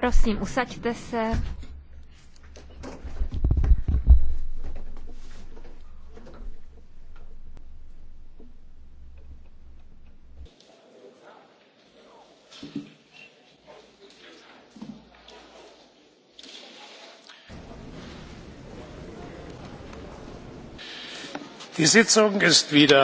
Prosím, usaďte se. Die Sitzung ist wieder